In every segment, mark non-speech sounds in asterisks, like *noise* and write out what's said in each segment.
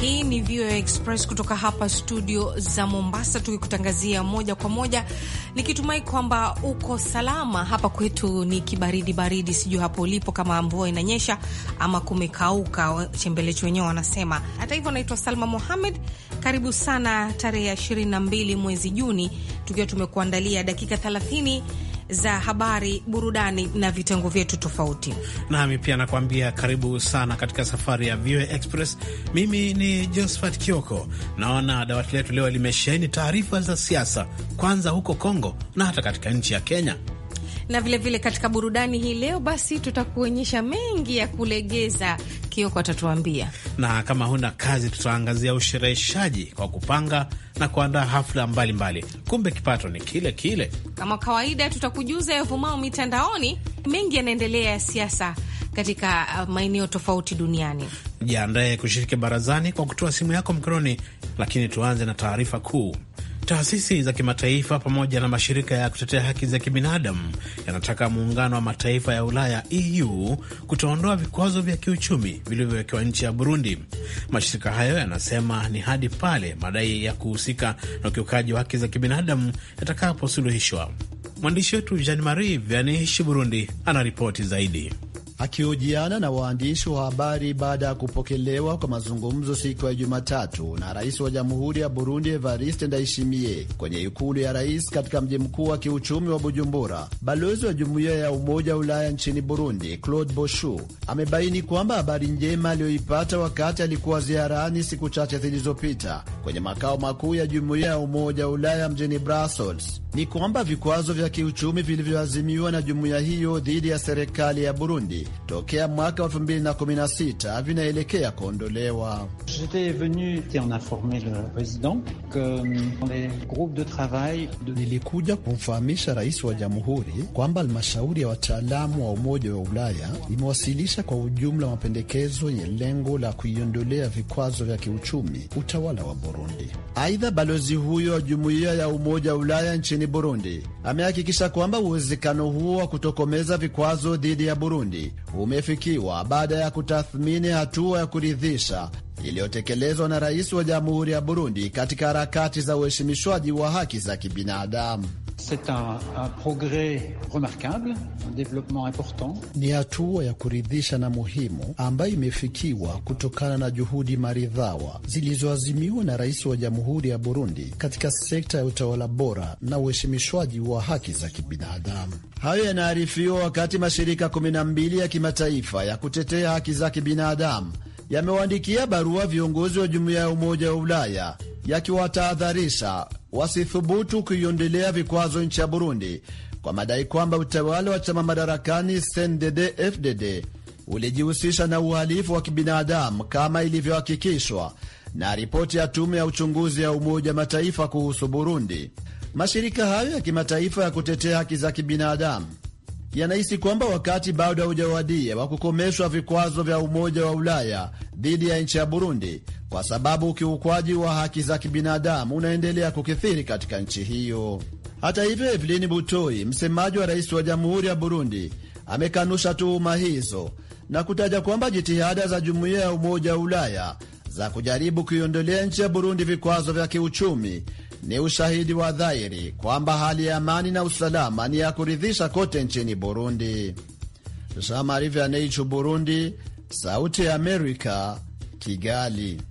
Hii ni VOA Express kutoka hapa studio za Mombasa, tukikutangazia moja kwa moja, nikitumai kwamba uko salama. Hapa kwetu ni kibaridi baridi, sijui hapo ulipo kama mvua inanyesha ama kumekauka, chembelechi wenyewe wanasema. Hata hivyo, naitwa Salma Mohamed, karibu sana tarehe ya 22 mwezi Juni, tukiwa tumekuandalia dakika 30 za habari, burudani na vitengo vyetu tofauti. Nami pia nakuambia karibu sana katika safari ya VOA Express. Mimi ni Josephat Kioko. Naona dawati letu leo limesheheni taarifa za siasa, kwanza huko Kongo na hata katika nchi ya Kenya na vilevile vile katika burudani hii leo, basi tutakuonyesha mengi ya kulegeza. Kioko atatuambia, na kama huna kazi, tutaangazia ushereheshaji kwa kupanga na kuandaa hafla mbalimbali mbali. Kumbe kipato ni kile kile. Kama kawaida, tutakujuza yavumao mitandaoni. Mengi yanaendelea ya siasa katika uh, maeneo tofauti duniani. Jiandaye kushiriki barazani kwa kutoa simu yako mkononi, lakini tuanze na taarifa kuu. Taasisi za kimataifa pamoja na mashirika ya kutetea haki za kibinadamu yanataka muungano wa mataifa ya Ulaya EU kutoondoa vikwazo vya kiuchumi vilivyowekewa nchi ya Burundi. Mashirika hayo yanasema ni hadi pale madai ya kuhusika na ukiukaji wa haki za kibinadamu yatakaposuluhishwa. Mwandishi wetu Jean Marie Vianney Burundi anaripoti zaidi. Akihojiana na waandishi wa habari baada ya kupokelewa kwa mazungumzo siku ya Jumatatu na rais wa jamhuri ya Burundi Evariste Ndayishimiye kwenye ikulu ya rais katika mji mkuu wa kiuchumi wa Bujumbura, balozi wa jumuiya ya Umoja wa Ulaya nchini Burundi Claude Boshu amebaini kwamba habari njema aliyoipata wakati alikuwa ziarani siku chache zilizopita kwenye makao makuu ya jumuiya ya Umoja wa Ulaya mjini Brussels ni kwamba vikwazo vya kiuchumi vilivyoazimiwa na jumuiya hiyo dhidi ya serikali ya Burundi tokea mwaka wa 2016 vinaelekea kuondolewa. Nilikuja kumfahamisha rais wa jamhuri kwamba halmashauri ya wataalamu wa Umoja wa Ulaya imewasilisha kwa ujumla mapendekezo yenye lengo la kuiondolea vikwazo vya kiuchumi utawala wa Burundi. Aidha, balozi huyo wa jumuiya ya Umoja wa Ulaya nchini Burundi amehakikisha kwamba uwezekano huo wa kutokomeza vikwazo dhidi ya Burundi umefikiwa baada ya kutathmini hatua ya kuridhisha iliyotekelezwa na rais wa Jamhuri ya Burundi katika harakati za uheshimishwaji wa haki za kibinadamu. C'est un, un progrès remarquable, un développement important. Ni hatua ya kuridhisha na muhimu ambayo imefikiwa kutokana na juhudi maridhawa zilizoazimiwa na rais wa Jamhuri ya Burundi katika sekta ya utawala bora na uheshimishwaji wa haki za kibinadamu. Hayo yanaarifiwa wakati mashirika 12 ya kimataifa ya kutetea haki za kibinadamu yamewaandikia barua viongozi wa Jumuiya ya Umoja wa Ulaya yakiwatahadharisha wasithubutu kuiondelea vikwazo nchi ya Burundi kwa madai kwamba utawala wa chama madarakani CNDD FDD ulijihusisha na uhalifu wa kibinadamu kama ilivyohakikishwa na ripoti ya tume ya uchunguzi ya Umoja Mataifa kuhusu Burundi. Mashirika hayo ya kimataifa ya kutetea haki za kibinadamu yanahisi kwamba wakati bado haujawadia wa kukomeshwa vikwazo vya Umoja wa Ulaya dhidi ya nchi ya Burundi kwa sababu ukiukwaji wa haki za kibinadamu unaendelea kukithiri katika nchi hiyo. Hata hivyo, Evelini Butoi, msemaji wa rais wa Jamhuri ya Burundi, amekanusha tuhuma hizo na kutaja kwamba jitihada za Jumuiya ya Umoja wa Ulaya za kujaribu kuiondolea nchi ya Burundi vikwazo vya kiuchumi ni ushahidi wa dhahiri kwamba hali ya amani na usalama ni ya kuridhisha kote nchini Burundi. Samarivaneichu, Burundi, Sauti ya Amerika, Kigali.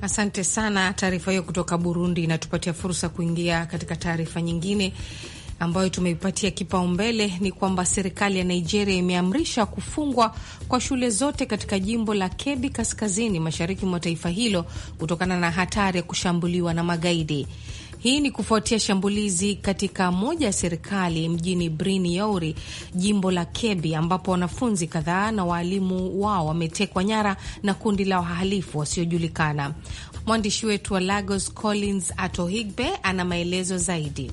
Asante sana, taarifa hiyo kutoka Burundi inatupatia fursa kuingia katika taarifa nyingine ambayo tumeipatia kipaumbele ni kwamba serikali ya Nigeria imeamrisha kufungwa kwa shule zote katika jimbo la Kebbi kaskazini mashariki mwa taifa hilo kutokana na hatari ya kushambuliwa na magaidi. Hii ni kufuatia shambulizi katika moja ya serikali mjini Brini Yauri, jimbo la Kebbi, ambapo wanafunzi kadhaa na waalimu wao wametekwa nyara na kundi la wahalifu wasiojulikana. Mwandishi wetu wa Lagos Collins Atohigbe ana maelezo zaidi.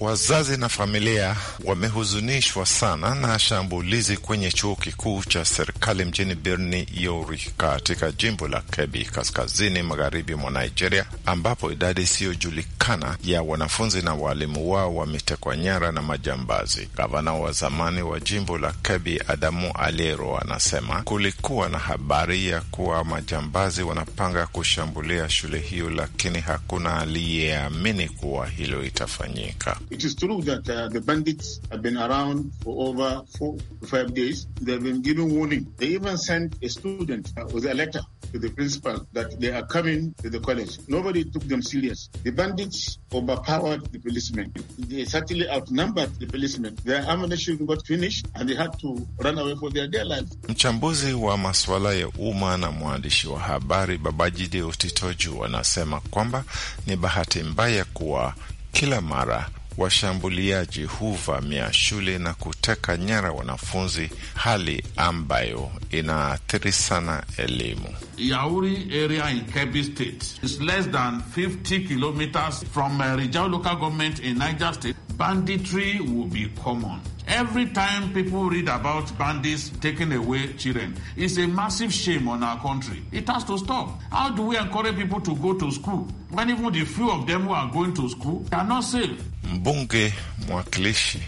Wazazi na familia wamehuzunishwa sana na shambulizi kwenye chuo kikuu cha serikali mjini Birni Yori katika jimbo la kebi kaskazini magharibi mwa Nigeria, ambapo idadi isiyojulikana ya wanafunzi na waalimu wao wametekwa nyara na majambazi. Gavana wa zamani wa jimbo la kebi Adamu Alero anasema kulikuwa na habari ya kuwa majambazi wanapanga kushambulia shule hiyo, lakini hakuna aliyeamini kuwa hilo itafanyika. It is true that uh, the bandits have been around for over four to five days. They've been given warning. They even sent a student uh, with a letter to the principal that they are coming to the college. Nobody took them serious. The bandits overpowered the policemen. They certainly outnumbered the policemen. Their ammunition got finished and they had to run away for their dear lives. Mchambuzi wa masuala ya umma na mwandishi wa habari Babajide Utitoju wanasema kwamba ni bahati mbaya kuwa kila mara washambuliaji huvamia shule na kuteka nyara wanafunzi, hali ambayo inaathiri sana elimu. Yauri area in Kebbi State is less than 50 kilometers from uh, local government in Niger State. banditry will be common. Every time people read about bandits taking away children, it's a massive shame on our country. It has to stop. How do we encourage people to go to school when even the few of them who are going to school are not safe? Mbunge mwakilishi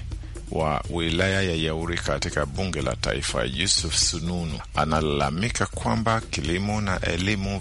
wa wilaya ya Yauri katika bunge la taifa Yusuf Sununu analalamika kwamba kilimo na elimu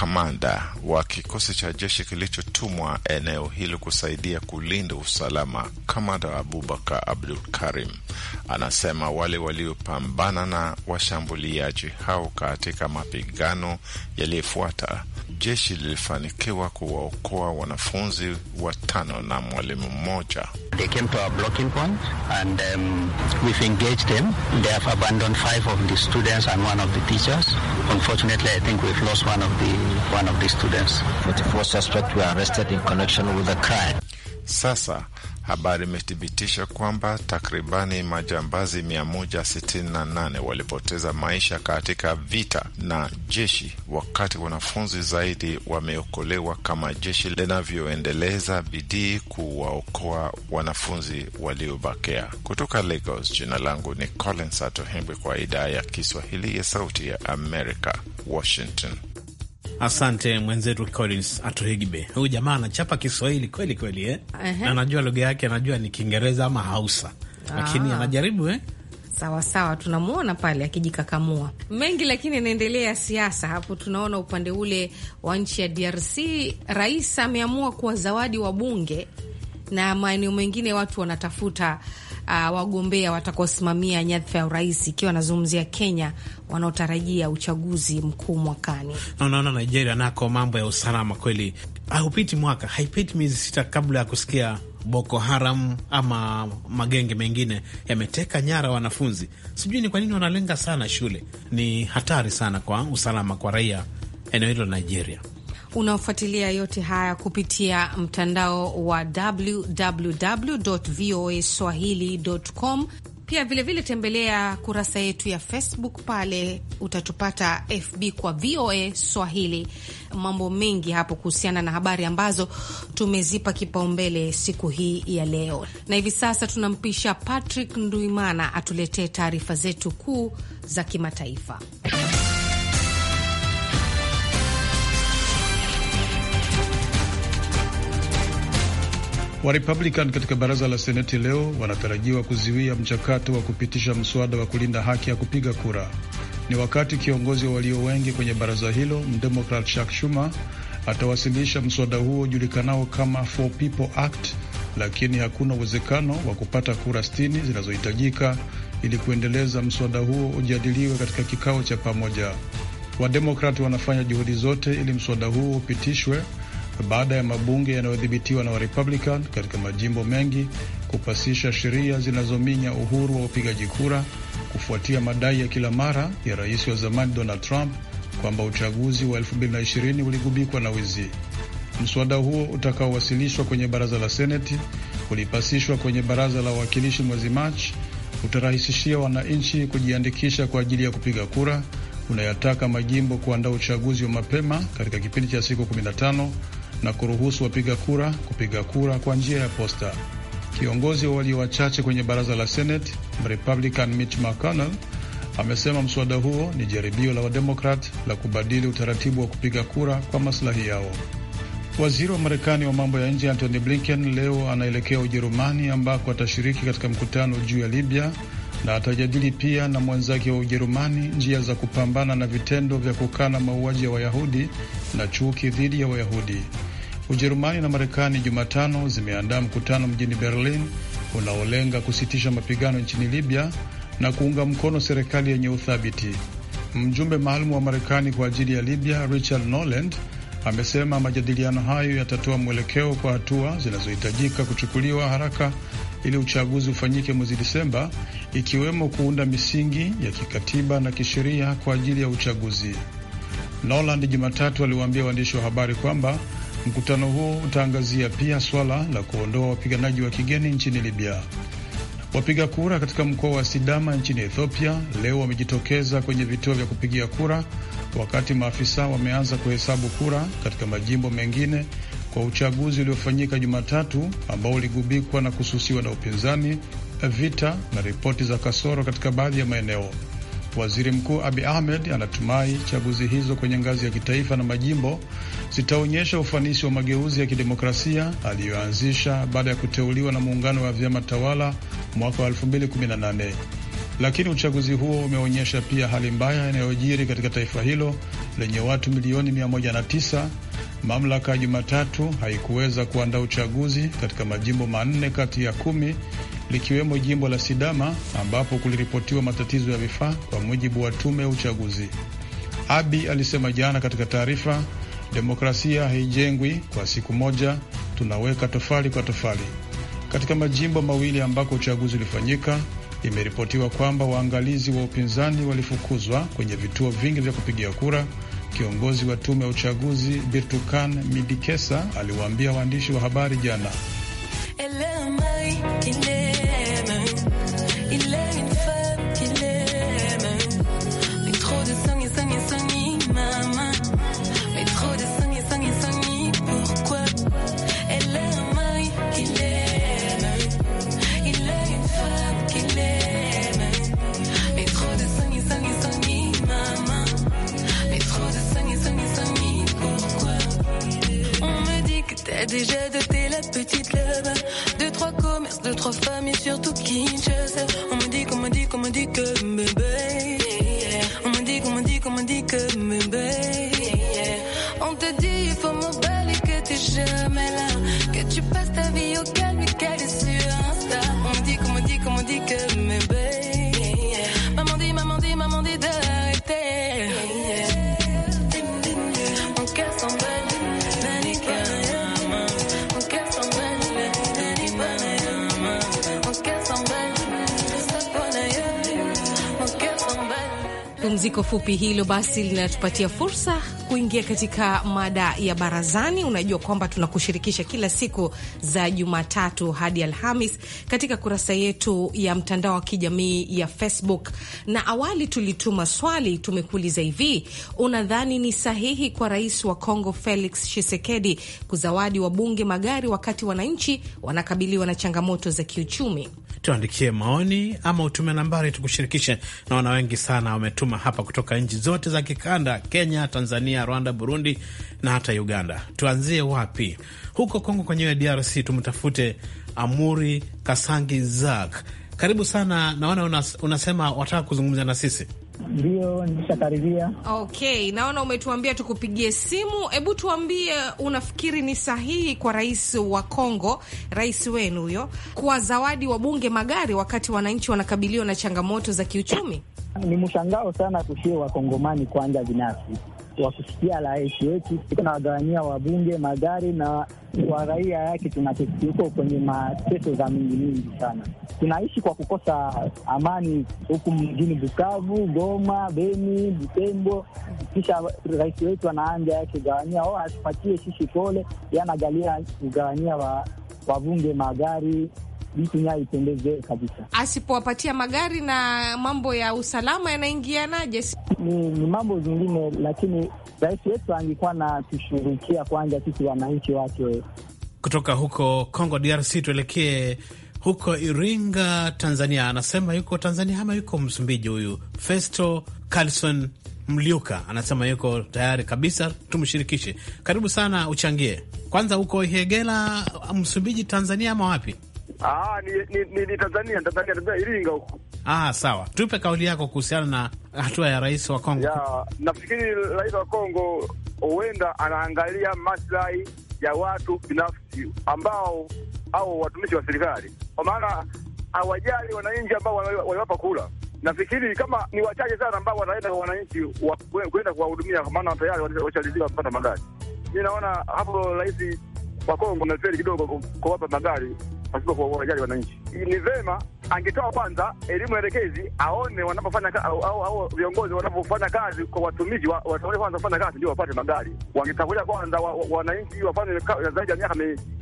kamanda wa kikosi cha jeshi kilichotumwa eneo hilo kusaidia kulinda usalama, kamanda Abubakar Abdul Karim anasema wale waliopambana na washambuliaji hao katika mapigano yaliyofuata, jeshi lilifanikiwa kuwaokoa wanafunzi watano na mwalimu mmoja. They one of the students. 44 suspects were arrested in connection with the crime. Sasa habari imethibitisha kwamba takribani majambazi 168 walipoteza maisha katika vita na jeshi, wakati wanafunzi zaidi wameokolewa, kama jeshi linavyoendeleza bidii kuwaokoa wanafunzi waliobakia. Kutoka Lagos, jina langu ni Collins Atohembe kwa idhaa ya Kiswahili ya Sauti ya Amerika, Washington. Asante mwenzetu Collins Atuhigbe. Huyu jamaa anachapa Kiswahili kweli kweli eh? uh -huh. Anajua lugha yake, anajua ni Kiingereza ama Hausa ah. lakini anajaribu eh? Sawa sawa, tunamwona pale akijikakamua mengi, lakini inaendelea siasa hapo. Tunaona upande ule wa nchi ya DRC, rais ameamua kuwa zawadi wa bunge na maeneo mengine watu wanatafuta uh, wagombea watakaosimamia nyadhifa ya urais, ikiwa anazungumzia Kenya wanaotarajia uchaguzi mkuu mwakani. Na unaona Nigeria nako mambo ya usalama kweli, haupiti mwaka, haipiti miezi sita kabla ya kusikia Boko Haram ama magenge mengine yameteka nyara wanafunzi. Sijui ni kwa nini wanalenga sana shule, ni hatari sana kwa usalama kwa raia eneo hilo la Nigeria unaofuatilia yote haya kupitia mtandao wa www.voaswahili.com. Pia vilevile vile tembelea kurasa yetu ya Facebook, pale utatupata FB kwa VOA Swahili. Mambo mengi hapo kuhusiana na habari ambazo tumezipa kipaumbele siku hii ya leo, na hivi sasa tunampisha Patrick Nduimana atuletee taarifa zetu kuu za kimataifa. Warepublican katika baraza la seneti leo wanatarajiwa kuziwia mchakato wa kupitisha mswada wa kulinda haki ya kupiga kura. Ni wakati kiongozi wa walio wengi kwenye baraza hilo mdemokrat Chuck Schumer atawasilisha mswada huo ujulikanao kama For People Act, lakini hakuna uwezekano wa kupata kura sitini zinazohitajika ili kuendeleza mswada huo ujadiliwe katika kikao cha pamoja. Wademokrati wanafanya juhudi zote ili mswada huo upitishwe baada ya mabunge yanayodhibitiwa na Warepublican katika majimbo mengi kupasisha sheria zinazominya uhuru wa upigaji kura kufuatia madai ya kila mara ya rais wa zamani Donald Trump kwamba uchaguzi wa 2020 uligubikwa na wizi. Mswada huo utakaowasilishwa kwenye baraza la Seneti ulipasishwa kwenye baraza la wawakilishi mwezi Machi, utarahisishia wananchi kujiandikisha kwa ajili ya kupiga kura, unayataka majimbo kuandaa uchaguzi wa mapema katika kipindi cha siku 15 na kuruhusu wapiga kura kupiga kura kwa njia ya posta. Kiongozi wa walio wachache kwenye baraza la Senate Mrepublican Mitch McConnell amesema mswada huo ni jaribio la Wademokrat la kubadili utaratibu wa kupiga kura kwa maslahi yao. Waziri wa Marekani wa mambo ya nje Antony Blinken leo anaelekea Ujerumani ambako atashiriki katika mkutano juu ya Libya na atajadili pia na mwenzake wa Ujerumani njia za kupambana na vitendo vya kukana mauaji ya Wayahudi na chuki dhidi ya Wayahudi. Ujerumani na Marekani Jumatano zimeandaa mkutano mjini Berlin unaolenga kusitisha mapigano nchini Libya na kuunga mkono serikali yenye uthabiti. Mjumbe maalum wa Marekani kwa ajili ya Libya Richard Noland, amesema majadiliano hayo yatatoa mwelekeo kwa hatua zinazohitajika kuchukuliwa haraka ili uchaguzi ufanyike mwezi Disemba, ikiwemo kuunda misingi ya kikatiba na kisheria kwa ajili ya uchaguzi. Noland Jumatatu aliwaambia waandishi wa habari kwamba Mkutano huo utaangazia pia swala la kuondoa wapiganaji wa kigeni nchini Libya. Wapiga kura katika mkoa wa Sidama nchini Ethiopia leo wamejitokeza kwenye vituo vya kupigia kura, wakati maafisa wameanza kuhesabu kura katika majimbo mengine kwa uchaguzi uliofanyika Jumatatu ambao uligubikwa na kususiwa na upinzani, vita na ripoti za kasoro katika baadhi ya maeneo. Waziri Mkuu Abi Ahmed anatumai chaguzi hizo kwenye ngazi ya kitaifa na majimbo zitaonyesha ufanisi wa mageuzi ya kidemokrasia aliyoanzisha baada ya kuteuliwa na muungano wa vyama tawala mwaka wa 2018 lakini uchaguzi huo umeonyesha pia hali mbaya inayojiri katika taifa hilo lenye watu milioni 109 Mamlaka Jumatatu haikuweza kuandaa uchaguzi katika majimbo manne kati ya kumi likiwemo jimbo la Sidama ambapo kuliripotiwa matatizo ya vifaa, kwa mujibu wa tume ya uchaguzi. Abi alisema jana katika taarifa, demokrasia haijengwi kwa siku moja, tunaweka tofali kwa tofali. Katika majimbo mawili ambako uchaguzi ulifanyika, imeripotiwa kwamba waangalizi wa upinzani walifukuzwa kwenye vituo vingi vya kupigia kura Kiongozi wa tume ya uchaguzi Birtukan Midikesa aliwaambia waandishi wa habari jana. feel too kind, just. pumziko fupi hilo basi linatupatia fursa kuingia katika mada ya barazani. Unajua kwamba tunakushirikisha kila siku za Jumatatu hadi Alhamis katika kurasa yetu ya mtandao wa kijamii ya Facebook, na awali tulituma swali, tumekuuliza hivi, unadhani ni sahihi kwa rais wa Kongo Felix Tshisekedi kuzawadi wabunge magari wakati wananchi wanakabiliwa na changamoto za kiuchumi? tuandikie maoni ama utume nambari tukushirikishe. Naona wengi sana wametuma hapa kutoka nchi zote za kikanda: Kenya, Tanzania, Rwanda, Burundi na hata Uganda. Tuanzie wapi? Huko Kongo kwenyewe DRC tumtafute Amuri Kasangi Zak, karibu sana. Naona unasema wataka kuzungumza na sisi. Ndio, karibia Okay, naona umetuambia tukupigie simu. Hebu tuambie, unafikiri ni sahihi kwa rais wa Kongo, rais wenu huyo, kuwa zawadi wa bunge magari wakati wananchi wanakabiliwa na changamoto za kiuchumi? Ni mshangao sana kushie wakongomani kwanza binafsi wa kusikia rais wetu, tuko na wabunge, magari na kwa raia yake, tuko kwenye mateso za mingi mingi sana. Tunaishi kwa kukosa amani huku mjini Bukavu, Goma, Beni, Butembo. Kisha rais wetu anaanja yake gawania o, oh, atupatie sisi pole, yanagalia kugawania wabunge magari vitu nayo ipendezee kabisa. Asipowapatia magari na mambo ya usalama yanaingianaje? Ni, ni mambo zingine, lakini rais wetu angekuwa na tushughulikia kwanza sisi wananchi wake. Kutoka huko Congo DRC tuelekee huko Iringa, Tanzania. Anasema yuko Tanzania ama yuko Msumbiji? Huyu Festo Carlson Mliuka anasema yuko tayari kabisa, tumshirikishe. Karibu sana, uchangie kwanza. huko hegela Msumbiji, Tanzania ama wapi? Ah, ni, ni, ni Tanzania, Tanzania, Tanzania, Iringa huko. Ah, sawa. Tupe kauli yako kuhusiana na hatua ya rais wa Kongo. Ya, nafikiri rais wa Kongo huenda anaangalia maslahi ya watu binafsi ambao au watumishi wa serikali, kwa maana hawajali wananchi ambao waliwapa kula. Nafikiri kama ni wachache sana ambao wanaenda kwa wananchi kuenda kuwahudumia, kwa maana tayari washalizia kupata magari. Mi naona hapo rais wa Kongo amefeli kidogo kuwapa magari pasipo kuwajali wananchi. Ni vema angetoa kwanza elimu elekezi, aone wanapofanya au au, au viongozi wanapofanya kazi kwa watumizi wataone kwanza kufanya kazi ndio wapate magari. Wangetangulia kwanza wananchi wafanye zaidi ya miaka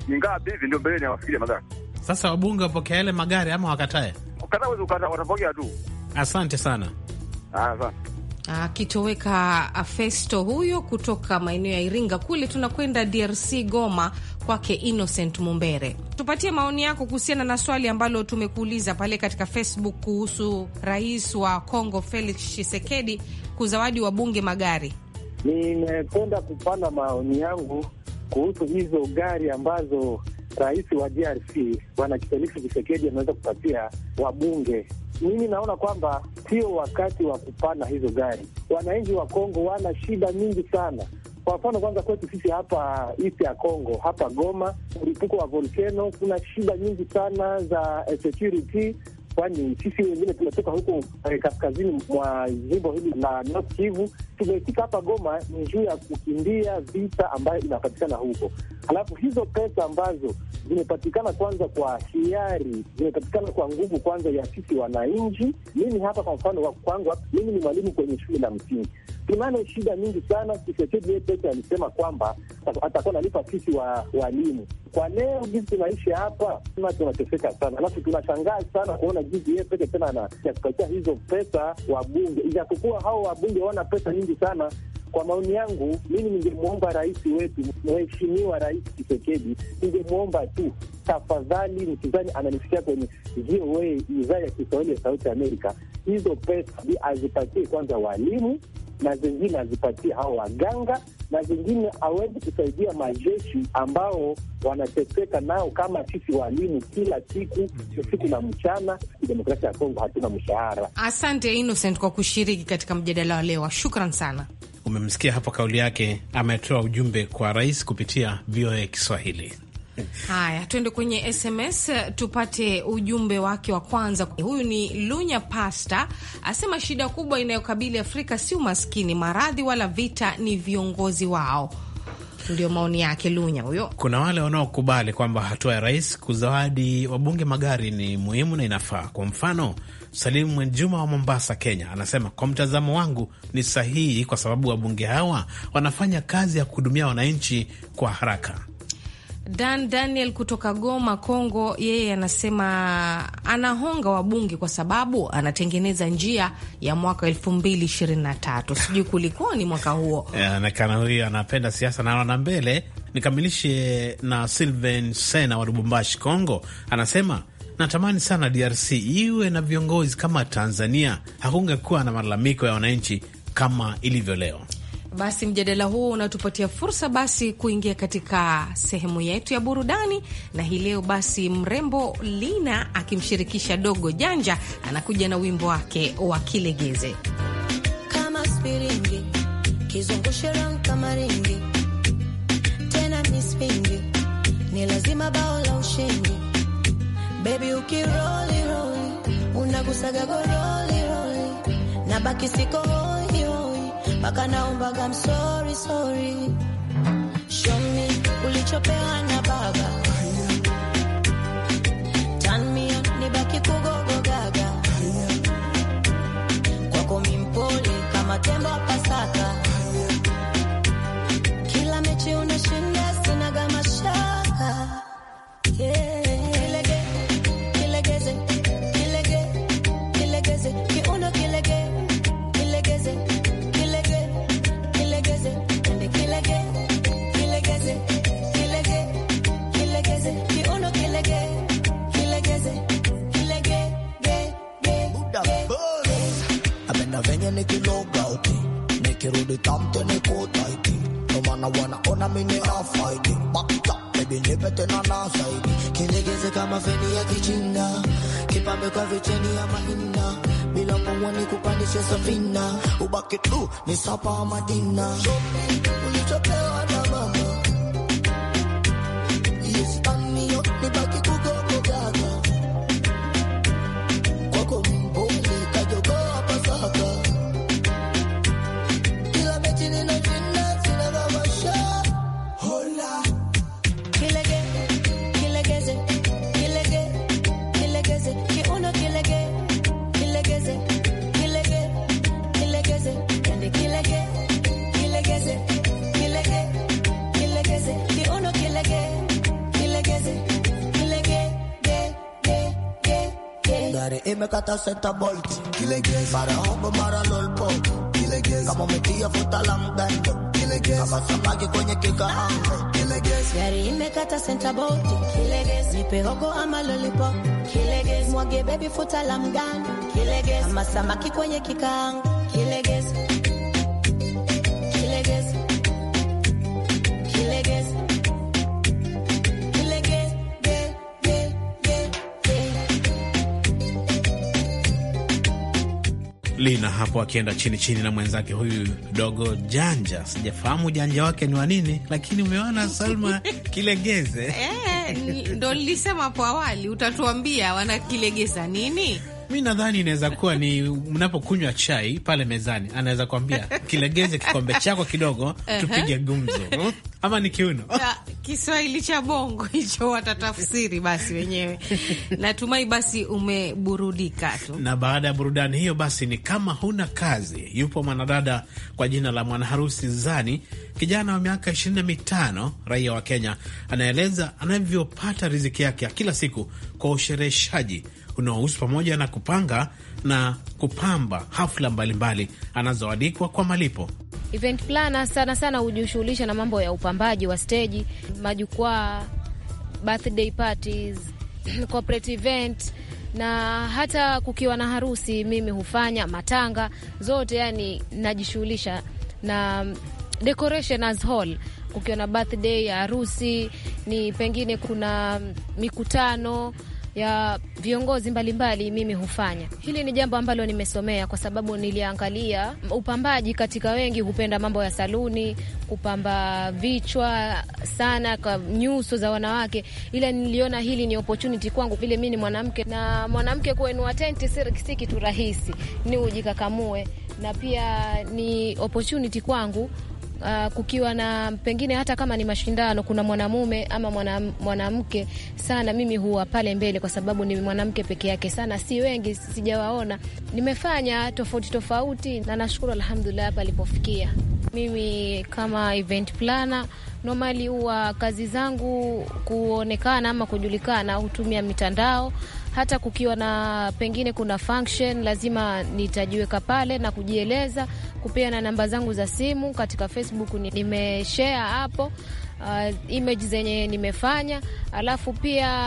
mingapi hivi, ndio mbeleni awafikirie magari. Sasa wabunge wapokea yale magari ama wakatae? Kadhaa wezi ukata, watapokea tu. Asante sana, ah, asante. Akitoweka Afesto huyo kutoka maeneo ya Iringa kule, tunakwenda DRC Goma kwake Innocent Mumbere. Tupatie maoni yako kuhusiana na swali ambalo tumekuuliza pale katika Facebook kuhusu rais wa Kongo Felix Tshisekedi kuzawadi wabunge magari. Nimependa kupanda maoni yangu kuhusu hizo gari ambazo rais wa DRC bwana Felix Tshisekedi ameweza kupatia wabunge. Mimi naona kwamba sio wakati wa kupana hizo gari. Wananchi wa Kongo wana shida nyingi sana, kwa mfano kwanza, kwetu sisi hapa east ya Congo, hapa Goma, mlipuko wa volcano, kuna shida nyingi sana za eh, security kwani sisi wengine tumetoka huku eh, kaskazini mwa jimbo hili la North Kivu, tumefika hapa Goma eh, ni juu ya kukimbia vita ambayo inapatikana huko. Halafu hizo pesa ambazo zimepatikana kwanza kwa hiari, zimepatikana kwa nguvu kwanza ya sisi wananchi. Mimi hapa kwa mfano wa kwangu, mimi ni mwalimu kwenye shule la msingi tunayo shida nyingi sana. Tshisekedi alisema kwamba atakuwa nalipa sisi walimu wa kwa leo jinsi tunaishi hapa ma tunateseka sana, alafu tunashangaa sana kuona jinsi yeye peke tena anatupatia hizo pesa wabunge, ijapokuwa hao wabunge wana pesa nyingi sana. Kwa maoni yangu mimi, ningemwomba rais wetu mheshimiwa Rais Tshisekedi, ningemwomba tu tafadhali, mkizani ananifikia kwenye VOA idhaa ya Kiswahili ya Sauti Amerika, hizo pesa azipatie kwanza walimu na zingine azipatie hao waganga, na zingine awezi kusaidia majeshi ambao wanateseka nao kama sisi walimu, kila siku usiku na mchana. Demokrasia ya Kongo hatuna mshahara. Asante Innocent kwa kushiriki katika mjadala wa leo, shukran sana. Umemsikia hapo kauli yake, ametoa ujumbe kwa rais kupitia VOA Kiswahili. Haya, tuende kwenye SMS eh, tupate ujumbe wake wa kwanza. Huyu ni Lunya Pasta, asema shida kubwa inayokabili Afrika si umaskini, maradhi wala vita, ni viongozi wao. Ndio maoni yake Lunya huyo. Kuna wale wanaokubali kwamba hatua ya rais kuzawadi wabunge magari ni muhimu na inafaa. Kwa mfano, Salimu Mwenjuma wa Mombasa, Kenya, anasema kwa mtazamo wangu ni sahihi, kwa sababu wabunge hawa wanafanya kazi ya kuhudumia wananchi kwa haraka. Dan Daniel kutoka Goma, Kongo, yeye anasema anahonga wabunge kwa sababu anatengeneza njia ya mwaka elfu mbili ishirini na tatu. Sijui kulikoni mwaka huo. Anaonekana *laughs* eh, huyo anapenda siasa na ana mbele. Nikamilishe na Sylvain Sena wa Lubumbashi, Kongo, anasema natamani sana DRC iwe na viongozi kama Tanzania. Hakungekuwa na malalamiko ya wananchi kama ilivyo leo. Basi mjadala huu unatupatia fursa basi kuingia katika sehemu yetu ya burudani, na hii leo basi mrembo Lina akimshirikisha Dogo Janja anakuja na wimbo wake wa Kilegeze. Kama spiringi ni lazima bao la ushindi. Bebi ukiroliroli unagusaga goroliroli na baki siko akanaombaga I'm sorry, sorry. Show me ulichopewa na baba kugogogaga kwako mimpoli kama tembo kwenye nikiloga uki nikirudi tamte nikuta iki ndo maana wanaona mimi nafaidi bakta baby nipe tena na zaidi kilegeze kama feni ya kichina kipambe kwa vicheni ya mahina bila mumwa ni kupandisha safina ubaki tu ni sapa wa Madina ulichopewa na mama yes, imekata senta bolt, mara hobo mara lolpo, kama umetia futa la mgando kama samaki kwenye kikaango, gari imekata senta bolt, nipe hogo ama lolipo, mwage baby futa la mgando, kama samaki kwenye kikaango Lina hapo akienda chini chini na mwenzake huyu dogo janja. Sijafahamu janja wake ni wa nini, lakini umeona Salma *laughs* kilegeze. E, ndo nilisema hapo awali, utatuambia wanakilegeza nini? mi nadhani inaweza kuwa ni mnapokunywa chai pale mezani, anaweza kuambia kilegeze kikombe chako kidogo, tupige gumzo ama ni kiuno. Kiswahili cha bongo hicho watatafsiri basi wenyewe. Natumai basi umeburudika tu, na baada ya burudani hiyo basi ni kama huna kazi. Yupo mwanadada kwa jina la mwanaharusi Zani, kijana wa miaka ishirini na mitano, raia wa Kenya, anaeleza anavyopata riziki yake ya kila siku kwa ushereheshaji unaohusu pamoja na kupanga na kupamba hafla mbalimbali anazoadikwa kwa malipo. Event planner sana sana hujishughulisha na mambo ya upambaji wa steji, majukwaa, birthday parties, *clears throat* corporate event na hata kukiwa na harusi, mimi hufanya matanga zote, yani najishughulisha na um, decoration as hall. Kukiwa na birthday ya harusi, ni pengine kuna um, mikutano ya viongozi mbalimbali mimi hufanya. Hili ni jambo ambalo nimesomea kwa sababu niliangalia upambaji katika wengi hupenda mambo ya saluni, kupamba vichwa sana kwa nyuso za wanawake, ila niliona hili ni opportunity kwangu, vile mimi ni mwanamke na mwanamke kuenua tenti si kitu rahisi, ni ujikakamue na pia ni opportunity kwangu uh, kukiwa na pengine hata kama ni mashindano, kuna mwanamume ama mwanamke mwana sana, mimi huwa pale mbele, kwa sababu ni mwanamke peke yake sana, si wengi, sijawaona. Nimefanya tofauti tofauti na nashukuru alhamdulillah hapa alipofikia. Mimi kama event planner normally huwa kazi zangu kuonekana ama kujulikana hutumia mitandao hata kukiwa na pengine kuna function lazima nitajiweka pale na kujieleza, na namba zangu za simu. Katika Facebook nimeshare hapo uh, image zenye nimefanya, alafu pia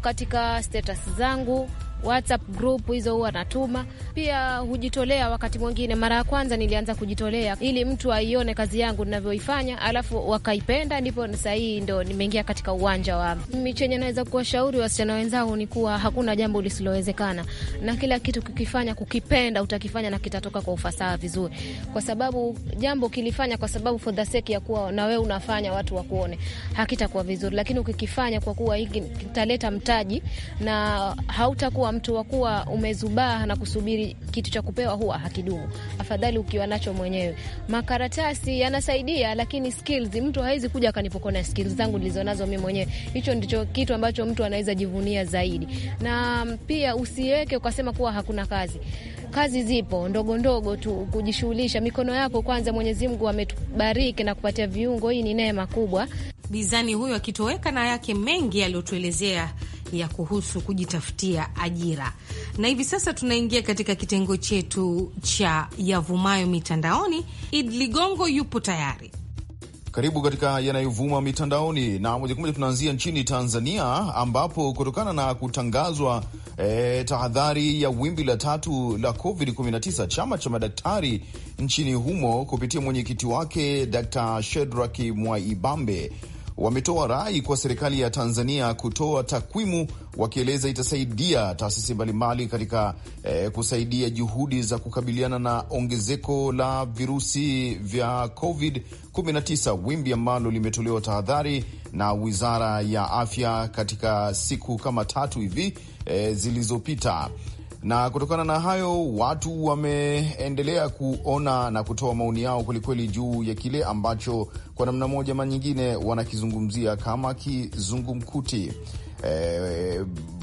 katika status zangu WhatsApp group hizo huwa natuma pia, hujitolea wakati mwingine. Mara ya kwanza nilianza kujitolea ili mtu aione kazi yangu ninavyoifanya, alafu wakaipenda, ndipo saa hii ndo nimeingia katika uwanja wa mimi. Chenye Naweza kuwashauri wasichana wenzangu ni kuwa hakuna jambo lisilowezekana, na kila kitu kukifanya, kukipenda, utakifanya na kitatoka kwa ufasaha vizuri, kwa sababu jambo kilifanya kwa sababu for the sake ya kuwa na wewe unafanya watu wakuone, hakitakuwa vizuri, lakini ukikifanya kwa kuwa hiki kitaleta mtaji na hautakuwa kuwa mtu wa kuwa umezubaa na kusubiri kitu cha kupewa huwa hakidumu. Afadhali ukiwa nacho mwenyewe. Makaratasi yanasaidia, lakini skills, mtu hawezi kuja akanipokona skills zangu nilizonazo mimi mwenyewe. Hicho ndicho kitu ambacho mtu anaweza jivunia zaidi. Na mm, pia usiweke ukasema kuwa hakuna kazi. Kazi zipo ndogo ndogo tu, kujishughulisha mikono yako kwanza. Mwenyezi Mungu ametubariki na kupatia viungo, hii ni neema kubwa. Bizani huyo akitoweka na yake mengi aliyotuelezea ya kuhusu kujitafutia ajira, na hivi sasa tunaingia katika kitengo chetu cha yavumayo mitandaoni. Id Ligongo yupo tayari. Karibu katika yanayovuma mitandaoni, na moja kwa moja tunaanzia nchini Tanzania ambapo kutokana na kutangazwa eh, tahadhari ya wimbi la tatu la COVID-19, chama cha madaktari nchini humo kupitia mwenyekiti wake dr Shedraki Mwaibambe wametoa rai kwa serikali ya Tanzania kutoa takwimu, wakieleza itasaidia taasisi mbalimbali katika eh, kusaidia juhudi za kukabiliana na ongezeko la virusi vya COVID-19, wimbi ambalo limetolewa tahadhari na Wizara ya Afya katika siku kama tatu hivi eh, zilizopita na kutokana na hayo watu wameendelea kuona na kutoa maoni yao kwelikweli juu ya kile ambacho kwa namna moja ma nyingine wanakizungumzia kama kizungumkuti. E,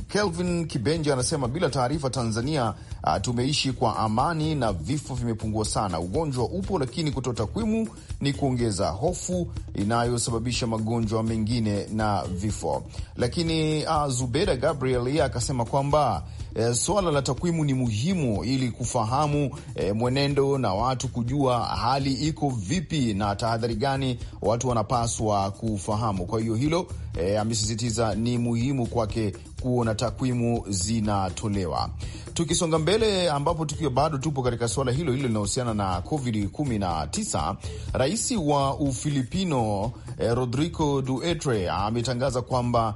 Kelvin Kibenja anasema bila taarifa Tanzania a, ah, tumeishi kwa amani na vifo vimepungua sana. Ugonjwa upo lakini kutoa takwimu ni kuongeza hofu inayosababisha magonjwa mengine na vifo. Lakini uh, Zubeda Gabriel yeye akasema kwamba E, eh, suala la takwimu ni muhimu ili kufahamu e, mwenendo na watu kujua hali iko vipi na tahadhari gani watu wanapaswa kufahamu. Kwa hiyo hilo e, amesisitiza ni muhimu kwake kuona takwimu zinatolewa. Tukisonga mbele, ambapo tukiwa bado tupo katika suala hilo hilo linahusiana na COVID 19, rais wa Ufilipino eh, Rodrigo Duterte ametangaza kwamba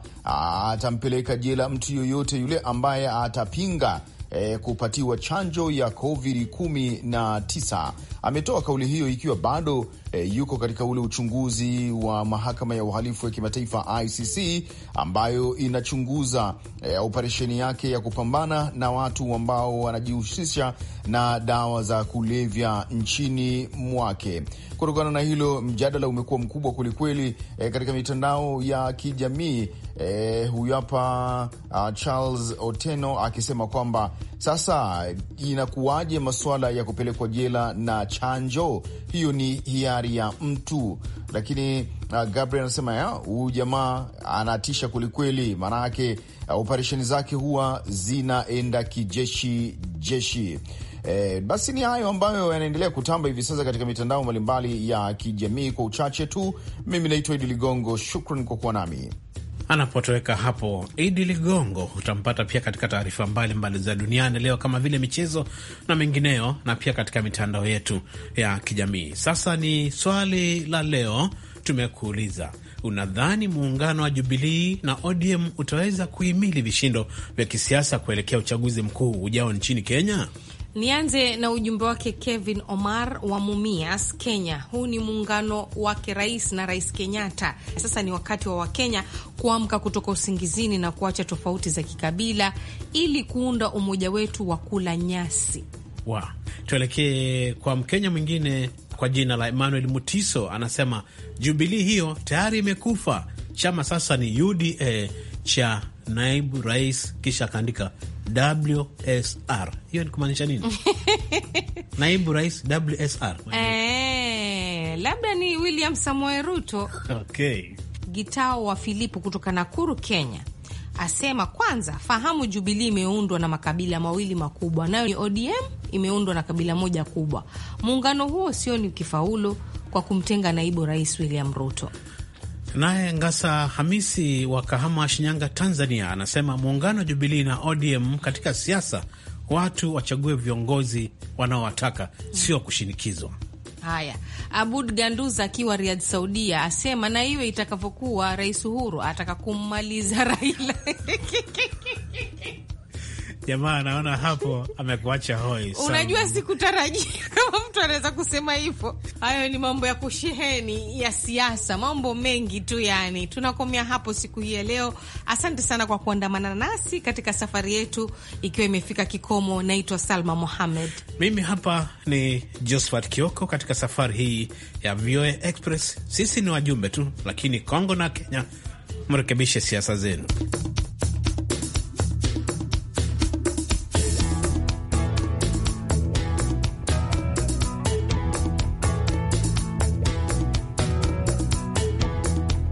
atampeleka jela mtu yoyote yule ambaye atapinga e, kupatiwa chanjo ya COVID 19. Ametoa kauli hiyo ikiwa bado e, yuko katika ule uchunguzi wa mahakama ya uhalifu wa kimataifa ICC ambayo inachunguza e, operesheni yake ya kupambana na watu ambao wanajihusisha na dawa za kulevya nchini mwake. Kutokana na hilo, mjadala umekuwa mkubwa kwelikweli e, katika mitandao ya kijamii e, huyu hapa uh, Charles Oteno akisema kwamba sasa inakuwaje masuala ya kupelekwa jela na chanjo? Hiyo ni hiari ya mtu, lakini uh, Gabriel anasema huyu jamaa anatisha kwelikweli, maanake uh, operesheni zake huwa zinaenda kijeshi jeshi. Eh, basi ni hayo ambayo yanaendelea kutamba hivi sasa katika mitandao mbalimbali ya kijamii. Kwa uchache tu, mimi naitwa Idi Ligongo, shukran kwa kuwa nami anapotoweka hapo Idi Ligongo. Utampata pia katika taarifa mbalimbali za duniani leo kama vile michezo na mengineyo, na pia katika mitandao yetu ya kijamii. Sasa ni swali la leo, tumekuuliza Unadhani muungano wa Jubilii na ODM utaweza kuhimili vishindo vya kisiasa kuelekea uchaguzi mkuu ujao nchini Kenya? Nianze na ujumbe wake Kevin Omar wa Mumias, Kenya. Huu ni muungano wake rais na Rais Kenyatta. Sasa ni wakati wa Wakenya kuamka kutoka usingizini na kuacha tofauti za kikabila ili kuunda umoja wetu wa kula nyasi. Wow. Tuelekee kwa Mkenya mwingine kwa jina la Emmanuel Mutiso, anasema Jubilii hiyo tayari imekufa, chama sasa ni UDA cha naibu rais, kisha akaandika WSR. Hiyo ni kumaanisha nini? *laughs* naibu rais WSR, eh, labda ni William Samoei Ruto. Okay. Gitao wa Filipu kutoka Nakuru, Kenya asema kwanza, fahamu Jubilii imeundwa na makabila mawili makubwa, nayo ni ODM imeundwa na kabila moja kubwa. Muungano huo sio ni ukifaulu kwa kumtenga naibu rais William Ruto. Naye Ngasa Hamisi wa Kahama, Shinyanga, Tanzania, anasema muungano wa Jubilii na ODM katika siasa, watu wachague viongozi wanaowataka, sio kushinikizwa. Haya, Abud Ganduza akiwa riad Saudia, asema na hiyo itakavyokuwa, Rais Uhuru ataka kummaliza *laughs* Raila *laughs* jamaa naona hapo amekuacha hoi. Unajua, sikutarajia *laughs* kama mtu anaweza kusema hivyo. Hayo ni mambo ya kusheheni ya siasa, mambo mengi tu yani. Tunakomea hapo siku hii ya leo. Asante sana kwa kuandamana nasi katika safari yetu ikiwa imefika kikomo. Naitwa Salma Mohamed, mimi hapa ni Josephat Kioko katika safari hii ya VOA Express. Sisi ni wajumbe tu, lakini Kongo na Kenya mrekebishe siasa zenu.